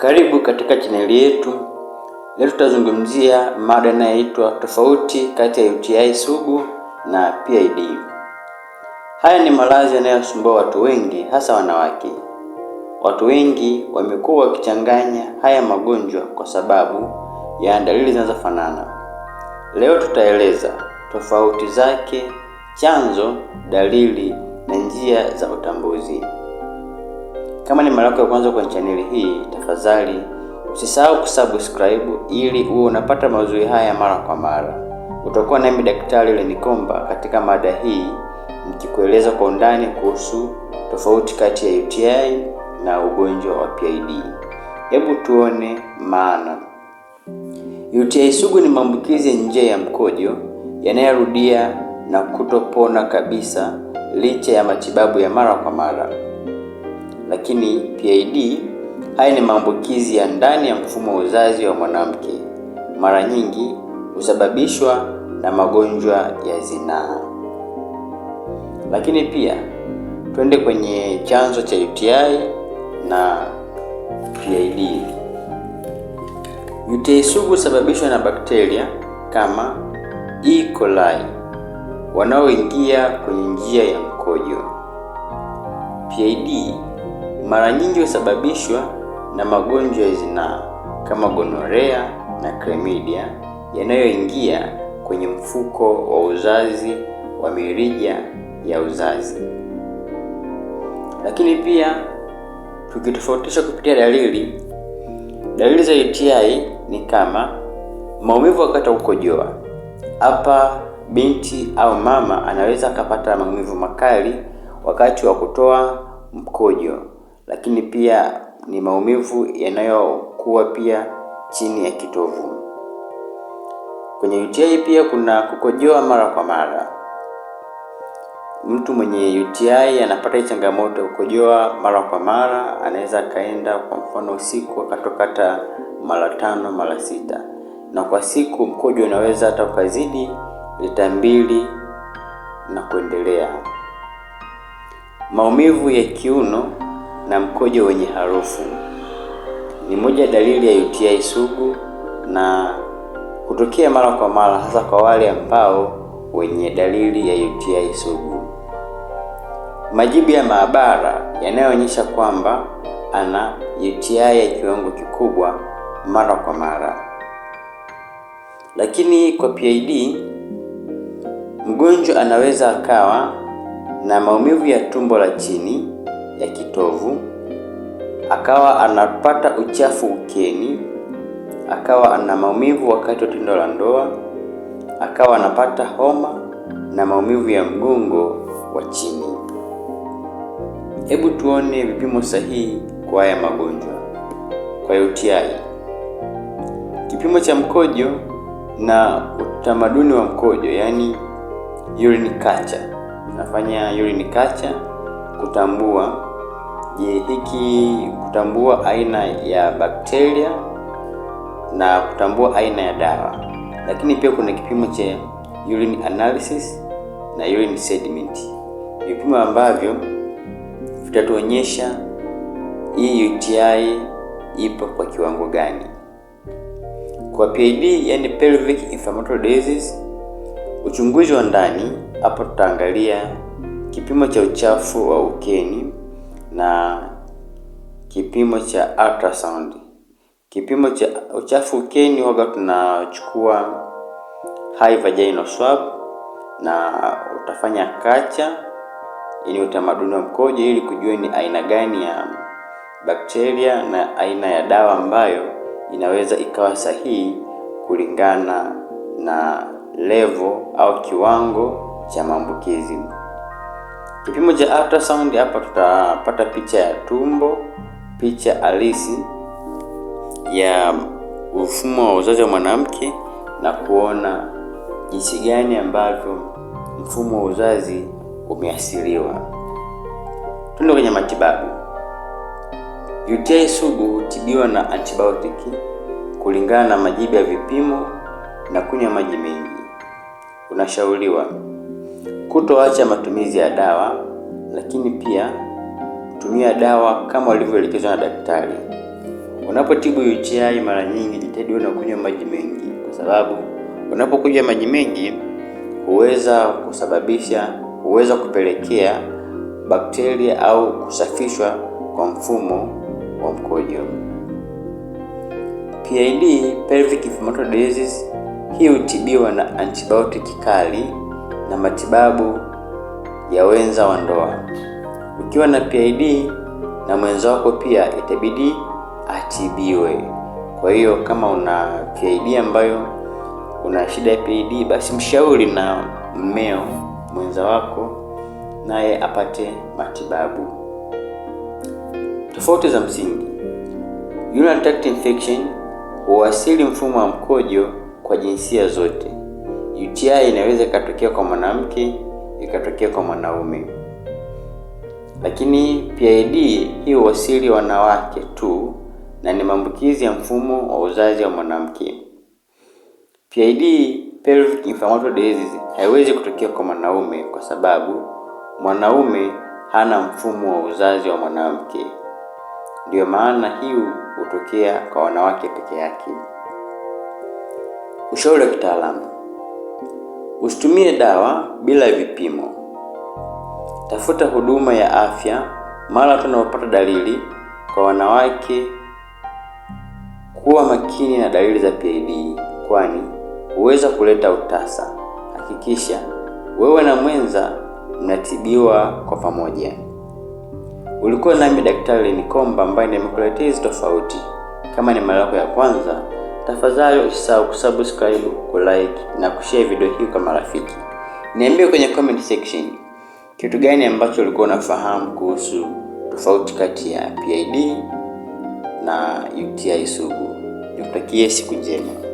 Karibu katika chaneli yetu. Leo tutazungumzia mada inayoitwa tofauti kati ya UTI sugu na PID. Haya ni maradhi yanayosumbua watu wengi, hasa wanawake. Watu wengi wamekuwa wakichanganya haya magonjwa kwa sababu ya dalili zinazofanana. Leo tutaeleza tofauti zake, chanzo, dalili na njia za utambuzi. Kama ni mara yako ya kwanza kwenye chaneli hii, tafadhali usisahau kusubscribe ili uwe unapata mazuri haya mara kwa mara. Utakuwa nami Daktari Lenikomba katika mada hii nikikueleza kwa undani kuhusu tofauti kati ya UTI na ugonjwa wa PID. Hebu tuone maana. UTI sugu ni maambukizi ya njia ya mkojo yanayorudia na kutopona kabisa licha ya matibabu ya mara kwa mara lakini PID, haya ni maambukizi ya ndani ya mfumo wa uzazi wa mwanamke, mara nyingi husababishwa na magonjwa ya zinaa. Lakini pia twende kwenye chanzo cha UTI na PID. UTI sugu husababishwa na bakteria kama E. coli wanaoingia kwenye njia ya mkojo. PID mara nyingi husababishwa na magonjwa ya zinaa kama gonorea na klamidia yanayoingia kwenye mfuko wa uzazi wa mirija ya uzazi. Lakini pia tukitofautisha kupitia dalili, dalili za UTI ni kama maumivu wakati wa kukojoa. Hapa binti au mama anaweza akapata maumivu makali wakati wa kutoa mkojo lakini pia ni maumivu yanayokuwa pia chini ya kitovu. Kwenye UTI pia kuna kukojoa mara kwa mara. Mtu mwenye UTI anapata changamoto ya kukojoa mara kwa mara, anaweza akaenda kwa mfano usiku akatokata mara tano mara sita, na kwa siku mkojo unaweza hata ukazidi lita mbili na kuendelea. Maumivu ya kiuno na mkojo wenye harufu. Ni moja dalili ya UTI sugu na hutokea mara kwa mara, hasa kwa wale ambao wenye dalili ya UTI sugu. Majibu ya maabara yanayoonyesha kwamba ana UTI ya kiwango kikubwa mara kwa mara. Lakini kwa PID mgonjwa anaweza akawa na maumivu ya tumbo la chini, ya kitovu, akawa anapata uchafu ukeni, akawa ana maumivu wakati wa tendo la ndoa, akawa anapata homa na maumivu ya mgongo wa chini. Hebu tuone vipimo sahihi kwa haya magonjwa. Kwa UTI, kipimo cha mkojo na utamaduni wa mkojo, yaani urine culture. Nafanya urine culture kutambua hiki kutambua aina ya bakteria na kutambua aina ya dawa, lakini pia kuna kipimo cha urine analysis na urine sediment, vipimo ambavyo vitatuonyesha hii UTI ipo kwa kiwango gani. Kwa PID, yani pelvic inflammatory disease, uchunguzi wa ndani, hapo tutaangalia kipimo cha uchafu wa ukeni na kipimo cha ultrasound. Kipimo cha uchafu ukeni waga tunachukua high vaginal swab na utafanya kacha, ili utamaduni wa mkojo, ili kujua ni aina gani ya bakteria na aina ya dawa ambayo inaweza ikawa sahihi kulingana na level au kiwango cha maambukizi. Kipimo cha ultrasound hapa tutapata picha ya tumbo, picha halisi ya mfumo wa uzazi wa mwanamke na kuona jinsi gani ambavyo mfumo wa uzazi umeathiriwa. Tuende kwenye matibabu. UTI sugu hutibiwa na antibiotic kulingana na majibu ya vipimo na kunywa maji mengi. Unashauriwa kutoacha matumizi ya dawa, lakini pia tumia dawa kama walivyoelekezwa na daktari. Unapotibu UTI mara nyingi jitahidi na kunywa maji mengi, kwa sababu unapokunywa maji mengi huweza kusababisha, huweza kupelekea bakteria au kusafishwa kwa mfumo wa mkojo. PID pelvic inflammatory disease hii hutibiwa na antibiotic kali na matibabu ya wenza wa ndoa. Ukiwa na PID na mwenza wako pia itabidi atibiwe. Kwa hiyo kama una PID ambayo una shida ya PID, basi mshauri na mmeo mwenza wako naye apate matibabu. Tofauti za msingi: urinary tract infection huwasili mfumo wa mkojo kwa jinsia zote. UTI inaweza ikatokea kwa mwanamke ikatokea kwa mwanaume, lakini PID hiyo huwasili wanawake tu na ni maambukizi ya mfumo wa uzazi wa mwanamke. PID pelvic inflammatory disease haiwezi kutokea kwa mwanaume kwa sababu mwanaume hana mfumo wa uzazi wa mwanamke, ndiyo maana hiyo hutokea kwa wanawake peke yake. Ushauri wa kitaalamu Usitumie dawa bila vipimo. Tafuta huduma ya afya mara tunapopata dalili. Kwa wanawake, kuwa makini na dalili za PID kwani huweza kuleta utasa. Hakikisha wewe na mwenza mnatibiwa kwa pamoja. Ulikuwa nami Daktari nikomba ambaye nimekuletea hizi tofauti. Kama ni mara yako ya kwanza Tafadhali usisahau kusubscribe, kulike na kushare video hii kwa marafiki. Niambie kwenye comment section kitu gani ambacho ulikuwa unafahamu kuhusu tofauti kati ya PID na UTI sugu. Nikutakie siku njema.